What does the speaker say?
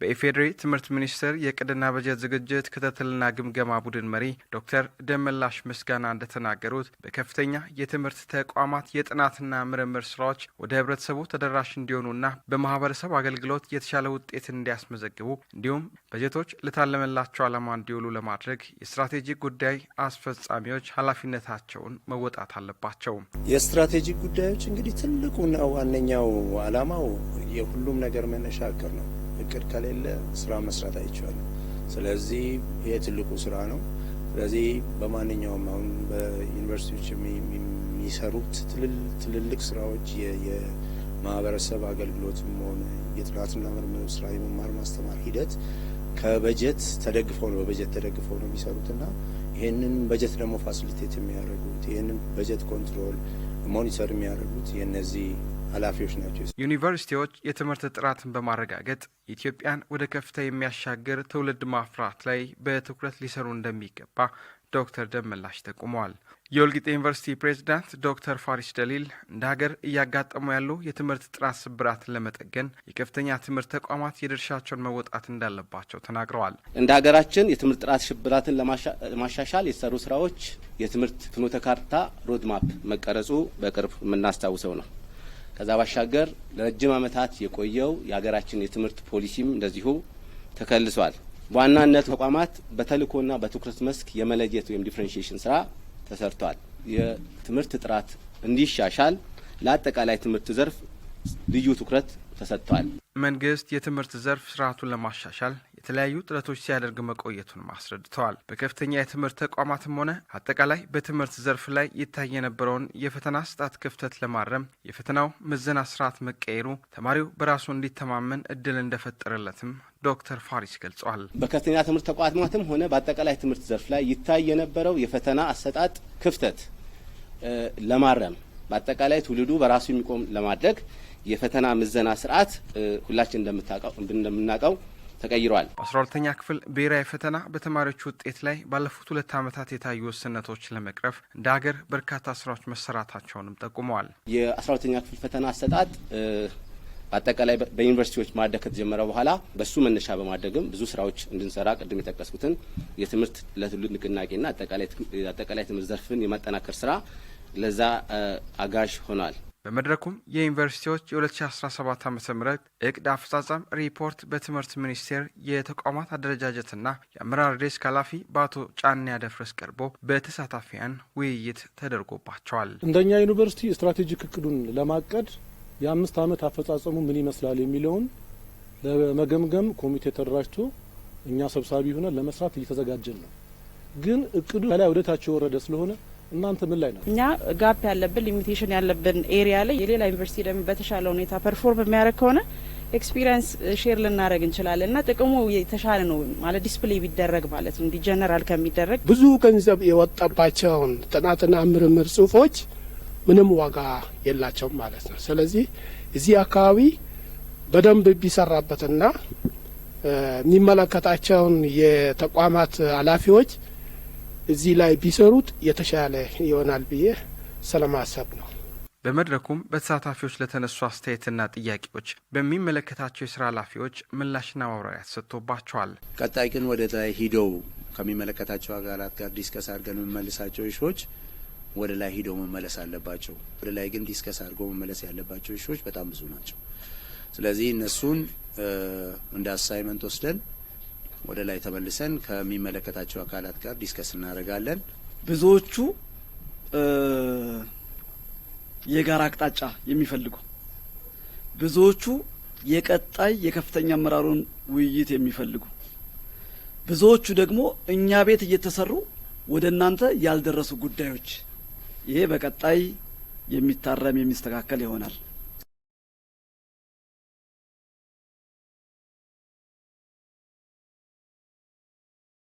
በኢፌዴሪ ትምህርት ሚኒስቴር የቅድና በጀት ዝግጅት ክትትልና ግምገማ ቡድን መሪ ዶክተር ደመላሽ ምስጋና እንደተናገሩት በከፍተኛ የትምህርት ተቋማት የጥናትና ምርምር ስራዎች ወደ ህብረተሰቡ ተደራሽ እንዲሆኑና በማህበረሰብ አገልግሎት የተሻለ ውጤት እንዲያስመዘግቡ እንዲሁም በጀቶች ለታለመላቸው ዓላማ እንዲውሉ ለማድረግ የስትራቴጂክ ጉዳይ አስፈጻሚዎች ኃላፊነታቸውን መወጣት አለባቸው። የስትራቴጂክ ጉዳዮች እንግዲህ ትልቁና ዋነኛው ዓላማው የሁሉም ነገር መነሻ እቅድ ነው። እቅድ ከሌለ ስራ መስራት አይቻልም። ስለዚህ ይሄ ትልቁ ስራ ነው። ስለዚህ በማንኛውም አሁን በዩኒቨርሲቲዎች የሚሰሩት ትልልቅ ስራዎች የማህበረሰብ አገልግሎትም ሆነ የጥናትና ምርምር ስራ የመማር ማስተማር ሂደት ከበጀት ተደግፈው ነው በበጀት ተደግፈው ነው የሚሰሩትና ይህንን በጀት ደግሞ ፋሲሊቴት የሚያደርጉት ይህንን በጀት ኮንትሮል ሞኒተር የሚያደርጉት የነዚህ ኃላፊዎች ናቸው። ዩኒቨርሲቲዎች የትምህርት ጥራትን በማረጋገጥ ኢትዮጵያን ወደ ከፍታ የሚያሻግር ትውልድ ማፍራት ላይ በትኩረት ሊሰሩ እንደሚገባ ዶክተር ደመላሽ ጠቁመዋል። የወልቂጤ ዩኒቨርሲቲ ፕሬዝዳንት ዶክተር ፋሪስ ደሊል እንደ ሀገር እያጋጠሙ ያሉ የትምህርት ጥራት ስብራትን ለመጠገን የከፍተኛ ትምህርት ተቋማት የድርሻቸውን መወጣት እንዳለባቸው ተናግረዋል። እንደ ሀገራችን የትምህርት ጥራት ሽብራትን ለማሻሻል የተሰሩ ስራዎች የትምህርት ፍኖተ ካርታ ሮድማፕ መቀረጹ በቅርብ የምናስታውሰው ነው። ከዛ ባሻገር ለረጅም ዓመታት የቆየው የሀገራችን የትምህርት ፖሊሲም እንደዚሁ ተከልሷል። በዋናነት ተቋማት በተልእኮና በትኩረት መስክ የመለየት ወይም ዲፍረንሽሽን ስራ ተሰርቷል። የትምህርት ጥራት እንዲሻሻል ለአጠቃላይ ትምህርት ዘርፍ ልዩ ትኩረት ተሰጥቷል። መንግስት የትምህርት ዘርፍ ስርዓቱን ለማሻሻል የተለያዩ ጥረቶች ሲያደርግ መቆየቱን አስረድተዋል። በከፍተኛ የትምህርት ተቋማትም ሆነ አጠቃላይ በትምህርት ዘርፍ ላይ ይታይ የነበረውን የፈተና ስጣት ክፍተት ለማረም የፈተናው ምዘና ስርዓት መቀየሩ ተማሪው በራሱ እንዲተማመን እድል እንደፈጠረለትም ዶክተር ፋሪስ ገልጸዋል። በከፍተኛ ትምህርት ተቋማትም ሆነ በአጠቃላይ ትምህርት ዘርፍ ላይ ይታይ የነበረው የፈተና አሰጣጥ ክፍተት ለማረም በአጠቃላይ ትውልዱ በራሱ የሚቆም ለማድረግ የፈተና ምዘና ስርዓት ሁላችን እንደምናውቀው ተቀይረዋል። አስራ ሁለተኛ ክፍል ብሔራዊ ፈተና በተማሪዎች ውጤት ላይ ባለፉት ሁለት ዓመታት የታዩ ውስንነቶች ለመቅረፍ እንደ ሀገር በርካታ ስራዎች መሰራታቸውንም ጠቁመዋል። የአስራ ሁለተኛ ክፍል ፈተና አሰጣጥ በአጠቃላይ በዩኒቨርሲቲዎች ማደግ ከተጀመረ በኋላ በሱ መነሻ በማድረግም ብዙ ስራዎች እንድንሰራ ቅድም የጠቀስኩትን የትምህርት ለትውልድ ንቅናቄና አጠቃላይ ትምህርት ዘርፍን የማጠናከር ስራ ለዛ አጋዥ ሆኗል። በመድረኩም የዩኒቨርሲቲዎች የ2017 ዓ ም እቅድ አፈጻጸም ሪፖርት በትምህርት ሚኒስቴር የተቋማት አደረጃጀትና የአመራር ዴስክ ኃላፊ በአቶ ጫኔ ያደፍረስ ቀርቦ በተሳታፊያን ውይይት ተደርጎባቸዋል። እንደኛ ዩኒቨርሲቲ ስትራቴጂክ እቅዱን ለማቀድ የአምስት ዓመት አፈጻጸሙ ምን ይመስላል የሚለውን ለመገምገም ኮሚቴ ተደራጅቶ እኛ ሰብሳቢ ሆነ ለመስራት እየተዘጋጀን ነው። ግን እቅዱ ከላይ ወደታች የወረደ ስለሆነ እናንተ ምን ላይ ነው? እኛ ጋፕ ያለብን ሊሚቴሽን ያለብን ኤሪያ ላይ የሌላ ዩኒቨርሲቲ ደግሞ በተሻለ ሁኔታ ፐርፎርም የሚያደርግ ከሆነ ኤክስፒሪንስ ሼር ልናደረግ እንችላለን እና ጥቅሙ የተሻለ ነው ማለት ዲስፕሌይ ቢደረግ ማለት ነው፣ ጀነራል ከሚደረግ ብዙ ገንዘብ የወጣባቸውን ጥናትና ምርምር ጽሁፎች ምንም ዋጋ የላቸውም ማለት ነው። ስለዚህ እዚህ አካባቢ በደንብ ቢሰራበትና የሚመለከታቸውን የተቋማት ኃላፊዎች እዚህ ላይ ቢሰሩት የተሻለ ይሆናል ብዬ ስለማሰብ ነው። በመድረኩም በተሳታፊዎች ለተነሱ አስተያየትና ጥያቄዎች በሚመለከታቸው የስራ ኃላፊዎች ምላሽና ማብራሪያ ተሰጥቶባቸዋል። ቀጣይ ግን ወደ ላይ ሂደው ከሚመለከታቸው አካላት ጋር ዲስከስ አድርገን የምመልሳቸው እሾች ወደ ላይ ሂደው መመለስ አለባቸው። ወደ ላይ ግን ዲስከስ አድርገው መመለስ ያለባቸው እሾች በጣም ብዙ ናቸው። ስለዚህ እነሱን እንደ አሳይመንት ወስደን ወደ ላይ ተመልሰን ከሚመለከታቸው አካላት ጋር ዲስከስ እናደርጋለን። ብዙዎቹ የጋራ አቅጣጫ የሚፈልጉ ብዙዎቹ የቀጣይ የከፍተኛ አመራሩን ውይይት የሚፈልጉ ብዙዎቹ ደግሞ እኛ ቤት እየተሰሩ ወደ እናንተ ያልደረሱ ጉዳዮች፣ ይሄ በቀጣይ የሚታረም የሚስተካከል ይሆናል።